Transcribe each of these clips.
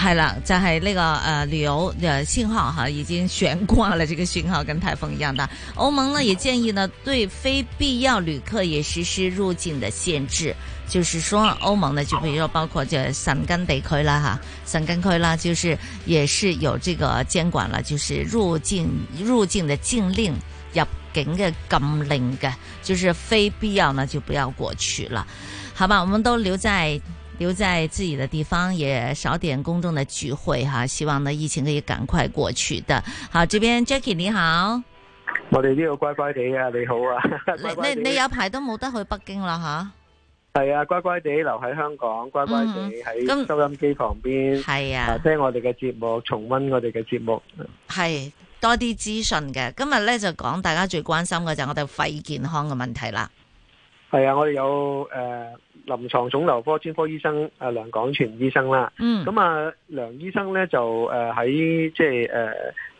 係啦，就係呢個呃旅遊的信號哈，已經懸掛了。這個信號跟颱風一樣的。歐盟呢也建議呢，對非必要旅客也實施入境的限制。就是說，歐盟呢，就比如說包括就申根地區啦哈，申根區啦，就是也是有這個監管了，就是入境入境的禁令，入境的禁令的，就是非必要呢就不要過去了，好吧？我們都留在。留在自己的地方，也少點公眾的聚會哈。希望呢疫情可以趕快過去的好，這邊 Jacky 你好，我哋呢度乖乖地啊，你好啊，乖乖地你，你你有排都冇得去北京啦吓？係啊，啊，乖乖地留喺香港，乖乖地喺收音機旁邊，係，嗯嗯嗯，啊，啊，聽我哋嘅節目，重温我哋嘅節目，係多啲資訊嘅。今日咧就講大家最關心嘅就係我哋肺健康嘅問題啦。係啊，我哋有誒。呃臨床腫瘤科專科醫生阿梁廣泉醫生啦，咁、嗯、啊梁醫生咧就誒喺、呃、即係誒、呃、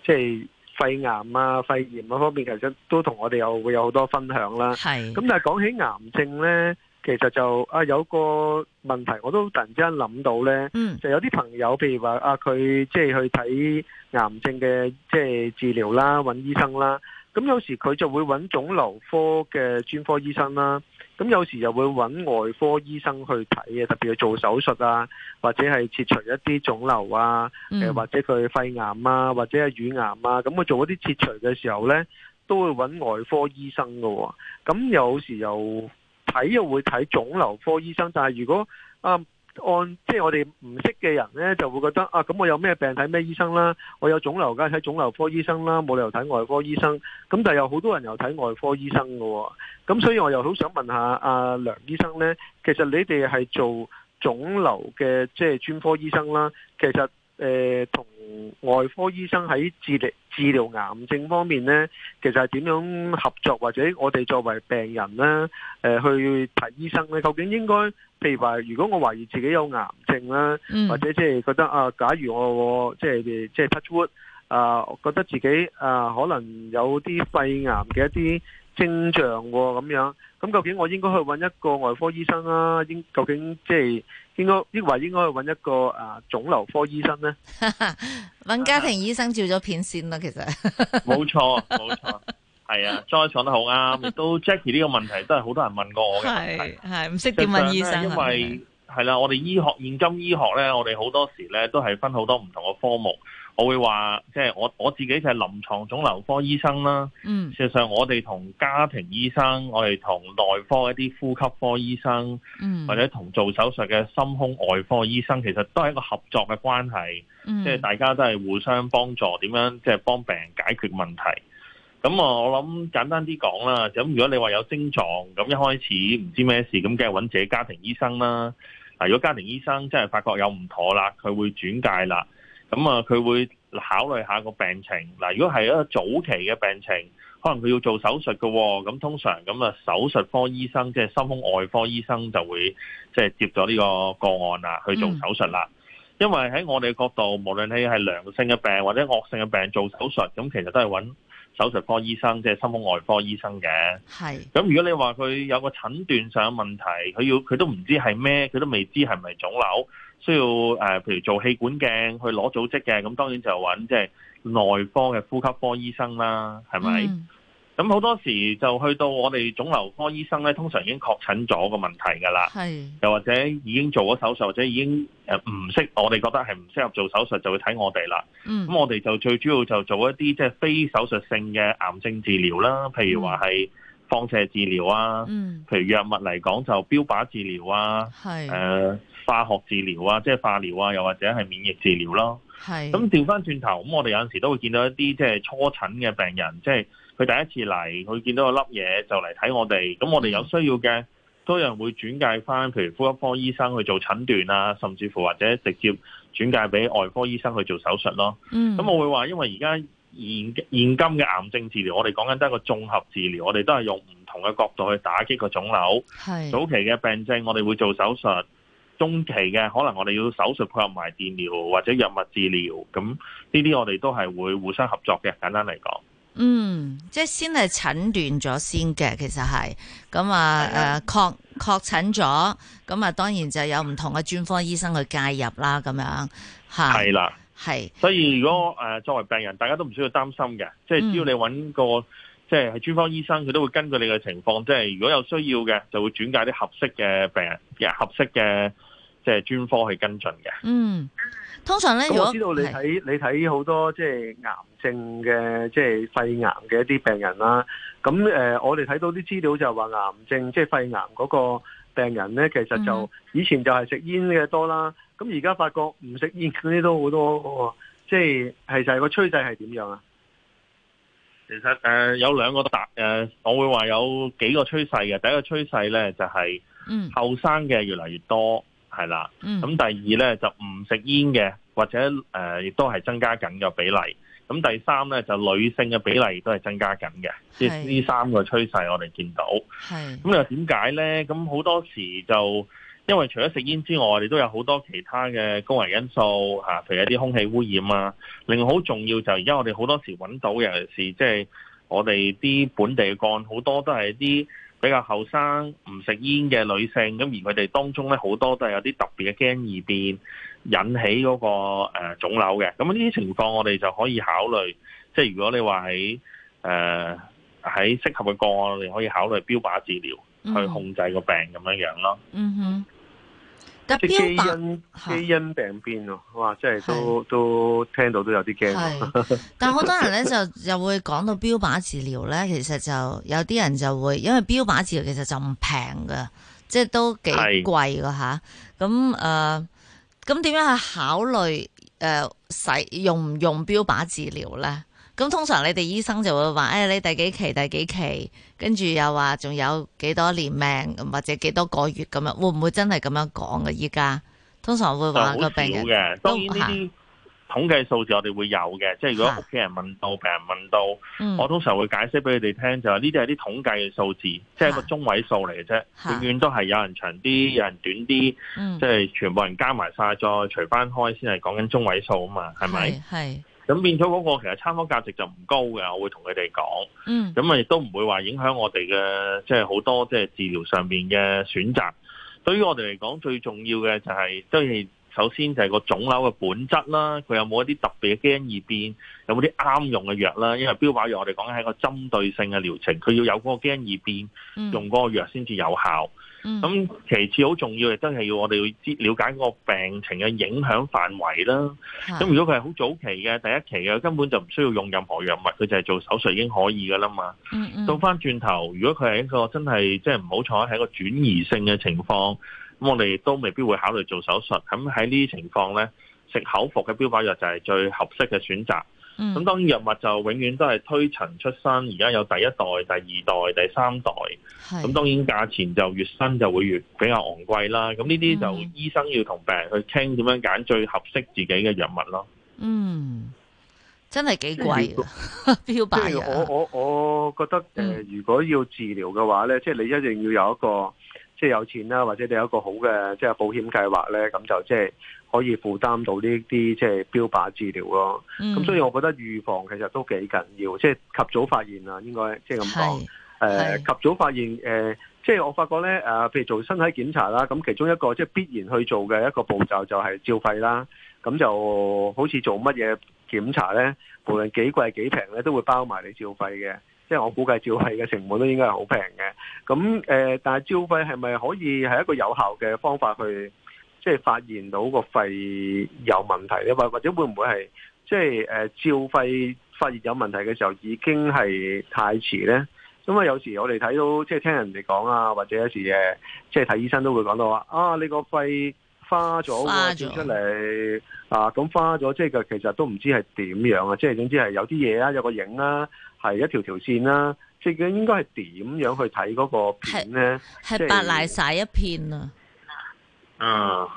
即係肺癌啊肺炎嗰方面，其實都同我哋有會有好多分享啦。係。咁但係講起癌症咧，其實就啊有一個問題，我都突然之間諗到咧、嗯，就有啲朋友譬如話啊佢即係去睇癌症嘅即係治療啦，揾醫生啦，咁有時佢就會揾腫瘤科嘅專科醫生啦。咁有時又會揾外科醫生去睇，特別去做手術啊，或者係切除一啲腫瘤啊，嗯、或者佢肺癌啊，或者係乳癌啊，咁佢做嗰啲切除嘅時候呢，都會揾外科醫生喎、啊。咁有時又睇又會睇腫瘤科醫生，但係如果啊～、嗯按即係我哋唔識嘅人呢，就會覺得啊，咁我有咩病睇咩醫生啦，我有腫瘤梗睇腫瘤科醫生啦，冇理由睇外科醫生。咁但係有好多人又睇外科醫生嘅喎、哦。咁所以我又好想問下阿、啊、梁醫生呢，其實你哋係做腫瘤嘅即係專科醫生啦，其實。誒、呃、同外科醫生喺治療治療癌症方面呢，其實係點樣合作，或者我哋作為病人呢，誒、呃、去睇醫生呢，究竟應該譬如話，如果我懷疑自己有癌症啦、嗯，或者即係覺得啊，假如我即係即係 touch wood 啊，覺得自己啊可能有啲肺癌嘅一啲。症狀喎咁樣，咁究竟我應該去揾一個外科醫生啊？應究竟即係應該抑或應該去揾一個啊腫瘤科醫生咧？揾家庭醫生照咗片先啦，其實。冇錯冇錯，係啊，莊生講得好啱，亦都 Jacky 呢個問題都係好多人問過我嘅問題。係係，唔識點問醫生因為。係啦，我哋醫學現今醫學咧，我哋好多時咧都係分好多唔同嘅科目。我會話，即係我我自己就係臨床腫瘤科醫生啦。嗯，事實上我哋同家庭醫生，我哋同內科一啲呼吸科醫生，嗯，或者同做手術嘅心胸外科醫生，其實都係一個合作嘅關係。嗯，即係大家都係互相幫助，點樣即係幫病人解決問題。咁啊，我諗簡單啲講啦。咁如果你話有症狀，咁一開始唔知咩事，咁梗係揾自己家庭醫生啦。嗱，如果家庭醫生真係發覺有唔妥啦，佢會轉介啦。咁啊，佢會考慮下個病情。嗱，如果係一個早期嘅病情，可能佢要做手術嘅。咁通常咁啊，手術科醫生即係心胸外科醫生就會即係接咗呢個個案啊，去做手術啦，嗯。因為喺我哋嘅角度，無論你係良性嘅病或者惡性嘅病做手術，咁其實都係揾手術科醫生即係心胸外科醫生嘅。係。咁如果你話佢有個診斷上嘅問題，佢要佢都唔知係咩，佢都未知係咪腫瘤。需要誒、呃，譬如做氣管鏡去攞組織嘅，咁當然就揾即係內科嘅呼吸科醫生啦，係咪？咁、嗯、好多時就去到我哋腫瘤科醫生咧，通常已經確診咗個問題噶啦。係又或者已經做咗手術，或者已經誒唔、呃、適，我哋覺得係唔適合做手術，就會睇我哋啦。咁、嗯、我哋就最主要就做一啲即係非手術性嘅癌症治療啦，譬如話係放射治療啊，嗯，譬如藥物嚟講就標靶治療啊，係誒。化學治療啊，即係化療啊，又或者係免疫治療咯。係咁調翻轉頭，咁我哋有陣時都會見到一啲即係初診嘅病人，即係佢第一次嚟，佢見到個粒嘢就嚟睇我哋。咁我哋有需要嘅，都有、嗯、人會轉介翻，譬如呼吸科醫生去做診斷啊，甚至乎或者直接轉介俾外科醫生去做手術咯。咁、嗯、我會話，因為而家現現今嘅癌症治療，我哋講緊都係一個綜合治療，我哋都係用唔同嘅角度去打擊個腫瘤。早期嘅病症，我哋會做手術。中期嘅可能我哋要手術配合埋電療或者藥物治療，咁呢啲我哋都係會互相合作嘅。簡單嚟講，嗯，即係先係診斷咗先嘅，其實係，咁、嗯、啊，誒、嗯、確、嗯、確、確診咗，咁啊當然就有唔同嘅專科醫生去介入啦，咁樣，嚇。係啦，係。所以如果誒、呃、作為病人，大家都唔需要擔心嘅，即係只要你揾個，嗯、即係係專科醫生，佢都會根據你嘅情況，即係如果有需要嘅，就會轉介啲合適嘅病人嘅合適嘅。即係專科去跟進嘅。嗯，通常咧，我知道你睇你睇好多即係癌症嘅，即係肺癌嘅一啲病人啦。咁誒，我哋睇到啲資料就話癌症即係肺癌嗰個病人咧，其實就以前就係食煙嘅多啦。咁而家發覺唔食煙嗰啲都好多。即係係就係個趨勢係點樣啊？其實誒有兩個答，誒，我會話有幾個趨勢嘅。第一個趨勢咧就係後生嘅越嚟越多。嗯係啦，咁第二咧就唔食煙嘅，或者誒亦、呃、都係增加緊嘅比例。咁第三咧就女性嘅比例亦都係增加緊嘅，即係呢三個趨勢我哋見到。咁又點解咧？咁好多時就因為除咗食煙之外，我哋都有好多其他嘅高危因素嚇，啊，譬如一啲空氣污染啊。另外好重要就而家我哋好多時揾到，尤其是即係我哋啲本地嘅個案，好多都係啲，比較後生唔食煙嘅女性，咁而佢哋當中咧好多都係有啲特別嘅基因異變，引起嗰、那個誒、呃、腫瘤嘅。咁呢啲情況我哋就可以考慮，即係如果你話喺誒喺適合嘅個案，我哋可以考慮標靶治療、Mm-hmm. 去控制個病咁樣樣咯。嗯哼。即基因基因病變咯、啊，哇！真係都都聽到都有啲驚。但係好多人咧 就又會講到標靶治療咧，其實就有啲人就會，因為標靶治療其實就唔平㗎，即係都幾貴㗎吓，咁誒，咁、啊、點、呃、樣去考慮誒、呃、使用唔用標靶治療咧？咁通常你哋醫生就會話，誒、哎、你第幾期、第幾期，跟住又話仲有幾多年命，或者幾多個月咁樣？會唔會真係咁樣講嘅？依家通常會話、這個病嘅，當然呢啲統計數字我哋會有嘅、啊。即係如果屋企人問到、病人問到，啊、我通常會解釋俾你哋聽，就係呢啲係啲統計嘅數字，啊、即係個中位數嚟嘅啫。永、啊、遠都係有人長啲、嗯，有人短啲、嗯，即係全部人加埋晒，再除翻開，先係講緊中位數啊嘛，係咪？係。咁變咗嗰個其實參考價值就唔高嘅，我會同佢哋講。咁咪亦都唔會話影響我哋嘅即係好多即係治療上面嘅選擇。對於我哋嚟講，最重要嘅就係即係首先就係個腫瘤嘅本質啦，佢有冇一啲特別嘅基因異變，有冇啲啱用嘅藥啦？因為標靶藥我哋講緊係一個針對性嘅療程，佢要有嗰個基因異變，嗯、用嗰個藥先至有效。咁、嗯、其次好重要嘅，都係要我哋要知了解嗰個病情嘅影響範圍啦。咁如果佢係好早期嘅第一期嘅，根本就唔需要用任何藥物，佢就係做手術已經可以噶啦嘛。倒翻轉頭，如果佢係一個真係即係唔好彩，係、就是、一個轉移性嘅情況。咁我哋都未必會考慮做手術，咁喺呢啲情況呢，食口服嘅標靶藥就係最合適嘅選擇。咁、嗯、當然藥物就永遠都係推陳出新，而家有第一代、第二代、第三代。咁當然價錢就越新就會越比較昂貴啦。咁呢啲就醫生要同病人去傾點樣揀最合適自己嘅藥物咯。嗯，真係幾貴啊！嗯、 標靶藥、即係。我我覺得誒、呃，如果要治療嘅話呢、嗯，即係你一定要有一個。即、就、係、是、有錢啦、啊，或者你有一個好嘅即係保險計劃咧，咁就即係可以負擔到呢啲即係標靶治療咯。咁、嗯、所以，我覺得預防其實都幾緊要，即、就、係、是、及早發現啊，應該即係咁講。誒、就是呃、及早發現誒，即、呃、係、就是、我發覺咧，誒譬如做身體檢查啦，咁其中一個即係、就是、必然去做嘅一個步驟就係照肺啦。咁就好似做乜嘢檢查咧，無論幾貴幾平咧，都會包埋你照肺嘅。即、就、係、是、我估計照肺嘅成本都應該係好平嘅。咁誒、呃，但係照肺係咪可以係一個有效嘅方法去即係發現到個肺有問題咧？或或者會唔會係即係誒、呃、照肺發現有問題嘅時候已經係太遲咧？咁咪有時候我哋睇到即係聽人哋講啊，或者有時誒即係睇醫生都會講到話啊，你個肺花咗，照出嚟啊，咁花咗即係其實都唔知係點樣啊！即係總之係有啲嘢啊，有個影啦，係一條條線啦。即係應該係點樣去睇嗰個片咧？係白瀨晒一片啊！就是、嗯，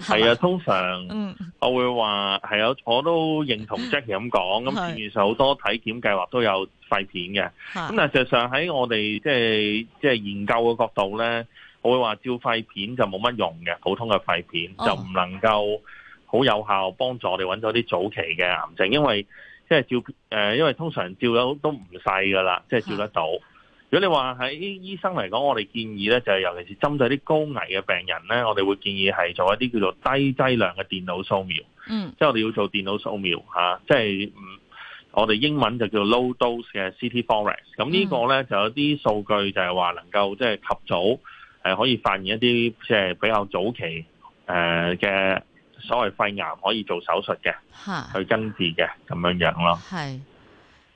係啊，通常，我會話係啊，我都認同 Jackie 咁講。咁市面上好多體檢計劃都有肺片嘅。咁但係實際上喺我哋即係即係研究嘅角度咧，我會話照肺片就冇乜用嘅。普通嘅肺片、哦、就唔能夠好有效幫助我哋揾到啲早期嘅癌症，因為。即係照，誒、呃，因為通常照有都唔細噶啦，即係照得到。如果你話喺醫生嚟講，我哋建議咧，就係尤其是針對啲高危嘅病人咧，我哋會建議係做一啲叫做低劑量嘅電腦掃描。嗯，即係我哋要做電腦掃描嚇，即係唔，就是、我哋英文就叫做 low dose 嘅 CT thorax 咁呢個咧、嗯、就有啲數據就係話能夠即係及早，誒，可以發現一啲即係比較早期誒嘅。所謂肺癌可以做手術嘅，吓去根治嘅咁樣樣咯。係，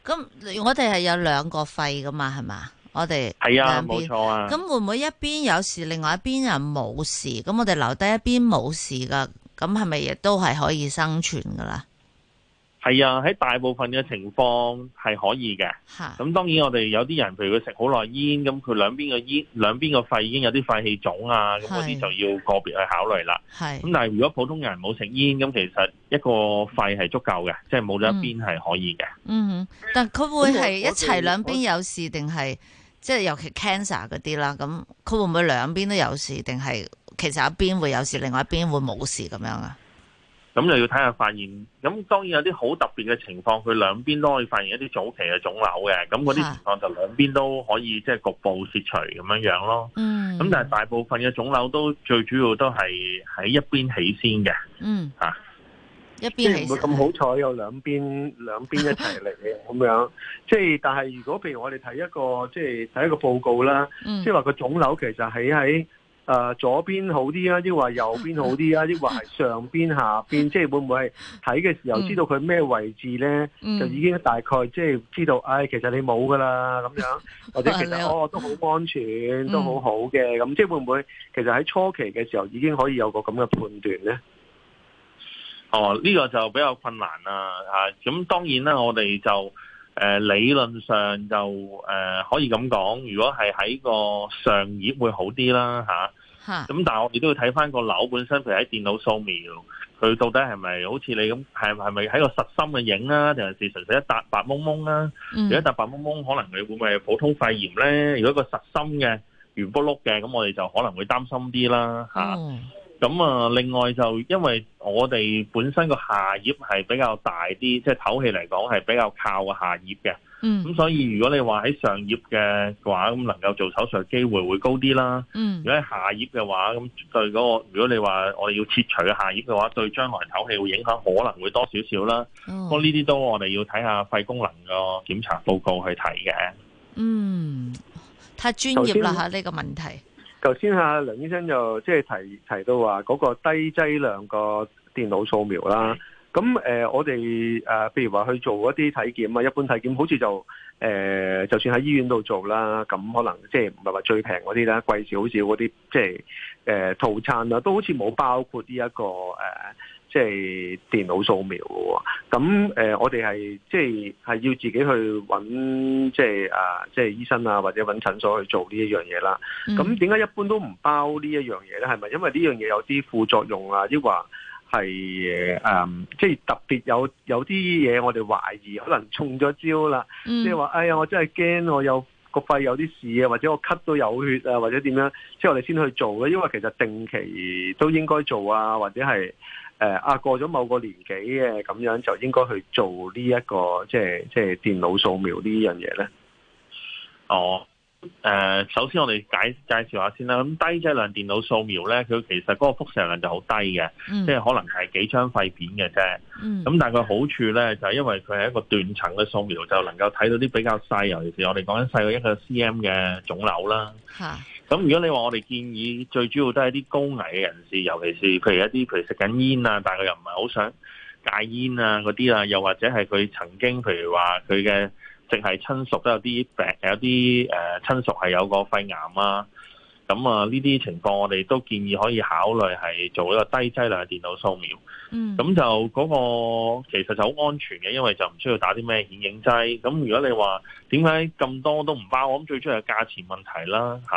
咁我哋係有兩個肺噶嘛，係咪？我哋係啊，冇錯啊。咁會唔會一邊有事、啊，另外一邊又冇事？咁我哋留低一邊冇事噶，咁係咪亦都係可以生存噶啦？係啊，喺大部分嘅情況係可以嘅。咁當然我哋有啲人，譬如佢食好耐煙，咁佢兩邊嘅煙、兩邊嘅肺已經有啲肺氣腫啊，咁嗰啲就要個別去考慮啦。係。咁但係如果普通人冇食煙，咁其實一個肺係足夠嘅，即係冇咗一邊係可以嘅。嗯，嗯哼，但佢會係一齊兩邊有事，定係即係尤其 cancer 嗰啲啦？咁佢會唔會兩邊都有事，定係其實一邊會有事，另外一邊會冇事咁樣啊？咁又要睇下發現，咁當然有啲好特別嘅情況，佢兩邊都可以發現一啲早期嘅腫瘤嘅，咁嗰啲情況就兩邊都可以即係局部切除咁樣樣咯。嗯。咁、嗯、但係大部分嘅腫瘤都最主要都係喺一邊起先嘅。嗯。吓、啊。一邊起。唔會咁好彩，有兩邊兩邊一齊嚟嘅咁樣。即係，但係如果譬如我哋睇一個即係睇一個報告啦，即係話個腫瘤其實喺喺。誒、呃，左邊好啲啊，抑或右邊好啲啊，抑或係上邊下邊， 即係會唔會係睇嘅時候知道佢咩位置咧、嗯，就已經大概即係知道，唉、哎，其實你冇噶啦咁樣，或者其實 哦都好安全，都好好嘅，咁、嗯、即係會唔會其實喺初期嘅時候已經可以有個咁嘅判斷咧？哦，呢、這個就比較困難啦，吓、啊，咁當然啦，我哋就。誒、呃、理論上就誒、呃、可以咁講，如果係喺個上葉會好啲啦咁，啊、但我哋都要睇翻個瘤本身，譬如喺電腦掃描，佢到底係咪好似你咁，係咪喺個實心嘅影純純茫茫啊？定還是純粹一笪白蒙蒙啦？如果一笪白蒙蒙，可能佢會唔會係普通肺炎咧？如果一個實心嘅圓卜碌嘅，咁我哋就可能會擔心啲啦、啊嗯咁啊，另外就因為我哋本身個下葉係比較大啲，即係透氣嚟講係比較靠下葉嘅。嗯，咁所以如果你話喺上葉嘅話，咁能夠做手術嘅機會會高啲啦。嗯，如果喺下葉嘅話，咁對嗰個如果你話我哋要切除下葉嘅話，對將來透氣會影響可能會多少少啦。嗯，不過呢啲都我哋要睇下肺功能個檢查報告去睇嘅。嗯，太專業啦吓呢個問題。頭先阿梁醫生就即係提提到話嗰個低劑量個電腦掃描啦。咁誒，我哋啊，譬如話去做一啲體檢啊，一般體檢好似就誒，就算喺醫院度做啦，咁可能即係唔係話最平嗰啲啦，貴少少嗰啲，即係誒套餐啦，都好似冇包括呢一個誒。即係電腦掃描喎，咁、呃、我哋係即係係要自己去揾，即係啊，即係醫生啊，或者揾診所去做呢一樣嘢啦。咁點解一般都唔包這呢一樣嘢咧？係咪因為呢樣嘢有啲副作用啊？抑或話係、嗯、即係特別有有啲嘢我哋懷疑，可能中咗招啦。即係話，哎呀，我真係驚，我有個肺有啲事啊，或者我咳到有血啊，或者點樣，即係我哋先去做嘅、啊。因為其實定期都應該做啊，或者係。誒，啊，過咗某個年紀嘅咁樣就應該去做、這個、這呢一個即係即係電腦掃描呢樣嘢咧。哦，誒、呃，首先我哋介介紹下先啦。咁低劑量電腦掃描咧，佢其實嗰個輻射量就好低嘅、嗯，即係可能係幾張肺片嘅啫。咁、嗯、但係佢好處咧、嗯，就係、是、因為佢係一個斷層嘅掃描，就能夠睇到啲比較細，尤其是我哋講緊細嘅一個 C M 嘅腫瘤啦。咁如果你話我哋建議最主要都係啲高危嘅人士，尤其是譬如一啲譬如食緊煙啊，但佢又唔係好想戒煙啊嗰啲啊，又或者係佢曾經譬如話佢嘅直系親屬都有啲病，有啲誒、呃、親屬係有個肺癌啊。咁啊，呢啲情況我哋都建議可以考慮係做一個低劑量嘅電腦掃描。嗯，咁就嗰個其實就好安全嘅，因為就唔需要打啲咩顯影劑。咁如果你話點解咁多都唔包，我諗最主要係價錢問題啦嚇。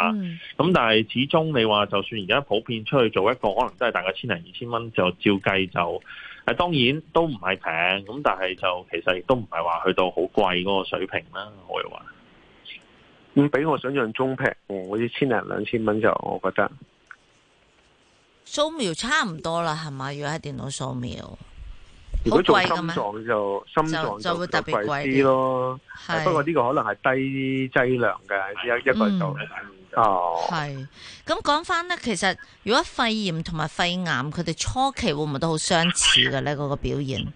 咁但係始終你話就算而家普遍出去做一個，可能都係大概千零二千蚊，2, 就照計就誒當然都唔係平，咁但係就其實亦都唔係話去到好貴嗰個水平啦，我又話咁比我想象中平，我一千零兩千蚊就，我覺得。掃描差唔多啦，係咪？如果喺電腦掃描，好貴。如果做心臟就，心臟就會特別貴啲咯。係，不過呢個可能係低劑量嘅，一一個就。嗯、哦。係，咁講翻咧，其實如果肺炎同埋肺癌，佢哋初期會唔會都好相似嘅咧？嗰、那個表現？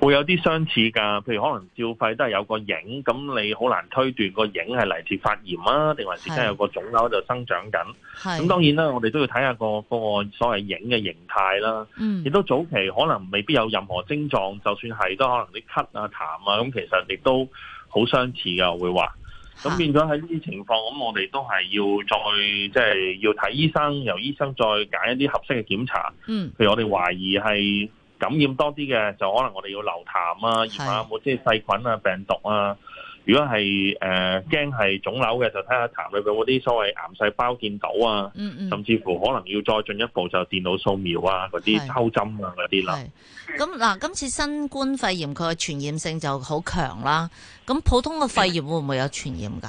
會有啲相似㗎，譬如可能照肺都係有個影，咁你好難推斷個影係嚟自發炎啊，定還是真係有個腫瘤喺度生長緊。咁當然啦，我哋都要睇下個個所謂影嘅形態啦。亦、嗯、都早期可能未必有任何症狀，就算係都可能啲咳啊痰啊，咁其實亦都好相似㗎。會話。咁變咗喺呢啲情況，咁我哋都係要再即係、就是、要睇醫生，由醫生再揀一啲合適嘅檢查。嗯，譬如我哋懷疑係，感染多啲嘅就可能我哋要留痰啊，有冇即係細菌啊、病毒啊？如果係誒驚係腫瘤嘅，就睇下痰裏邊嗰啲所謂癌細胞見到啊嗯嗯，甚至乎可能要再進一步就電腦掃描啊，嗰啲抽針啊嗰啲啦。咁嗱，今次新冠肺炎佢嘅傳染性就好強啦。咁普通嘅肺炎會唔會有傳染㗎？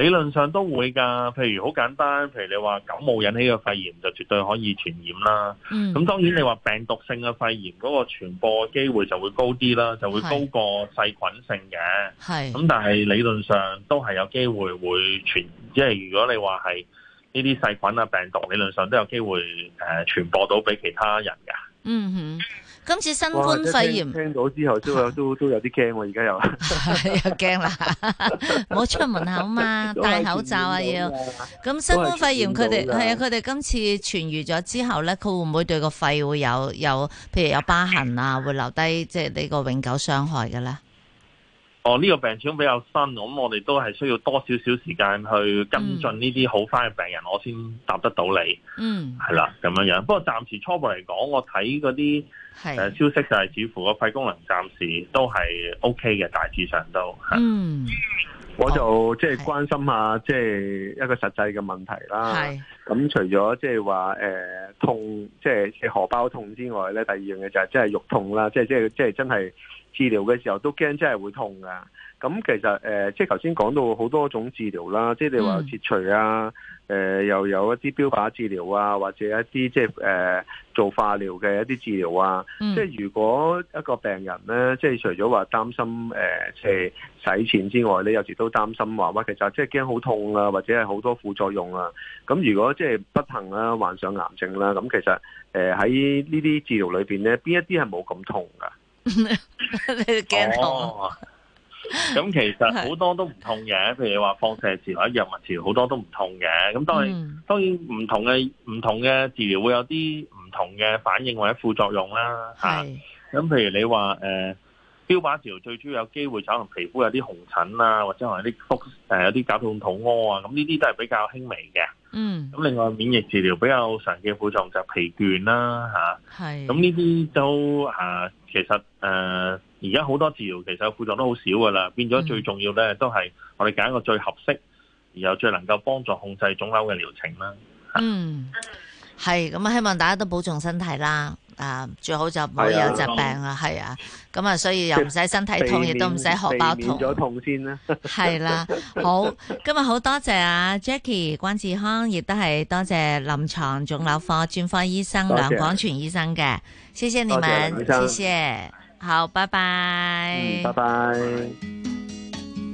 理論上都會㗎，譬如好簡單，譬如你話感冒引起嘅肺炎就絕對可以傳染啦。咁、嗯、當然你話病毒性嘅肺炎嗰個傳播機會就會高啲啦，就會高過細菌性嘅。係，咁但係理論上都係有機會會傳，即係如果你話係呢啲細菌啊、病毒，理論上都有機會誒傳播到俾其他人㗎。嗯哼，今次新冠肺炎聽，聽到之後有都都都有啲驚，啊，而家 又驚怕啦了，唔好 出門口嘛，戴口罩啊要。咁新冠肺炎佢哋係啊，佢哋今次痊愈咗之後咧，佢會唔會對個肺會有有，譬如有疤痕啊，會留低即係呢個永久傷害嘅咧？我、哦、呢、這個病史都比較新，咁、嗯、我哋都係需要多少少時間去跟進呢啲好翻嘅病人，嗯、我先答得到你。嗯，係啦，咁樣、嗯、不過暫時初步嚟講，我睇嗰啲係消息就係似乎個肺功能暫時都係 OK 嘅，大致上都。嗯，我就即係、哦就是、關心下即係一個實際嘅問題啦。係。咁除咗即係話誒痛，即、就、係、是、荷包痛之外咧，第二樣嘢就係即係肉痛啦，即係即係即係真係。治療嘅時候都驚，真係會痛㗎。咁其實誒、呃，即係頭先講到好多種治療啦，即係你話切除啊，誒、呃、又有一啲標靶治療啊，或者一啲即係誒、呃、做化療嘅一啲治療啊。嗯、即係如果一個病人咧，即係除咗話擔心誒，即係使錢之外，你有時都擔心話乜？其實即係驚好痛啊，或者係好多副作用啊。咁如果即係不幸啦、啊、患上癌症啦、啊，咁其實誒喺呢啲治療裏邊咧，邊一啲係冇咁痛㗎？ 你驚痛、哦？咁其實好多都唔痛嘅，譬如話放射治療、藥物治療，好多都唔痛嘅。咁當然，嗯、當然唔同嘅、唔同嘅治療會有啲唔同嘅反應或者副作用啦。吓、啊，咁譬如你話誒、呃，標靶治療最主要有機會就可能皮膚有啲紅疹啊，或者可能啲腹誒、呃、有啲絞痛、痛、肚屙啊，咁呢啲都係比較輕微嘅。嗯，咁另外，免疫治療比較常見副作用就疲倦啦，咁呢啲都其實誒，而家好多治療其實副作用都好少噶啦，變咗最重要咧都係我哋揀一個最合適，然後最能夠幫助控制腫瘤嘅療程啦，啊。嗯，係，咁啊，希望大家都保重身體啦。啊，最好就唔好有疾病啊，係啊，咁啊，所以又唔使身體痛，亦都唔使荷包痛。避免咗痛先啦。係 啦，好，今日好多謝啊 Jacky 關智康，亦都係多謝臨床腫瘤科專科醫生謝謝梁廣泉醫生嘅，謝謝你們謝謝，謝謝，好，拜拜，嗯、拜拜。拜拜。